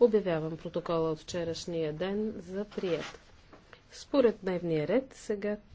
Обявявам протокола от вчерашния ден за прият. Според дневния ред сега